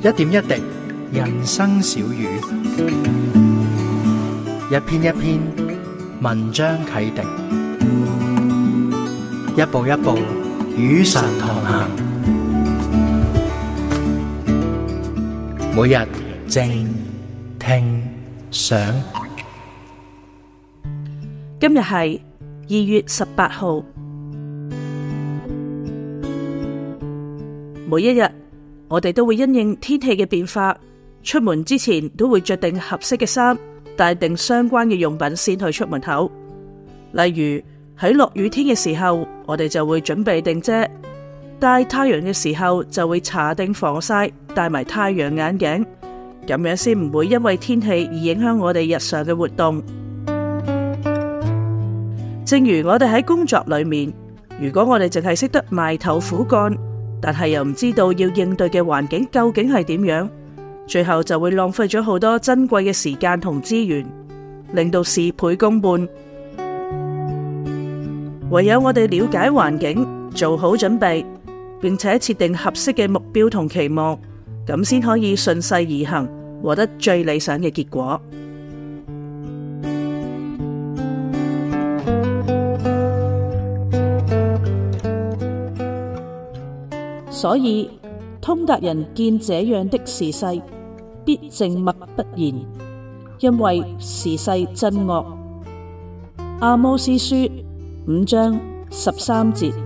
一點一滴，人生小語；一篇一篇，文章啟迪；一步一步，與上同行。每日靜聽想，今日係二月十八號。每一日。我哋都會因應天氣嘅變化，出門之前都會着定合適嘅衫，帶定相關嘅用品先去出門口。例如喺落雨天嘅時候，我哋就會準備定遮；戴太陽嘅時候，就會搽定防曬，戴埋太陽眼鏡。咁樣先唔會因為天氣而影響我哋日常嘅活動。 正如我哋喺工作裏面，如果我哋淨係識得埋頭苦幹。但係又唔知道要應對嘅環境究竟係點樣，最後就會浪費咗好多珍貴嘅時間同資源，令到事倍功半。唯有我哋了解環境，做好準備，並且設定合適嘅目標同期望，咁先可以順勢而行，獲得最理想嘅結果。所以，通達人見這樣的時勢，必靜默不言，因為時勢真惡。阿摩司書五章十三節。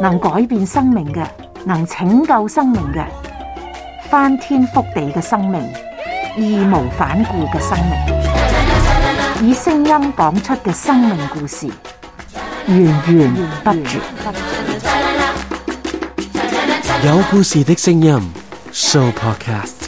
能改變生命嘅，能拯救生命嘅，翻天覆地嘅生命，義無反顧嘅生命，以聲音講出嘅生命故事，源源不絕。有故事的聲音，Sooo Podcast。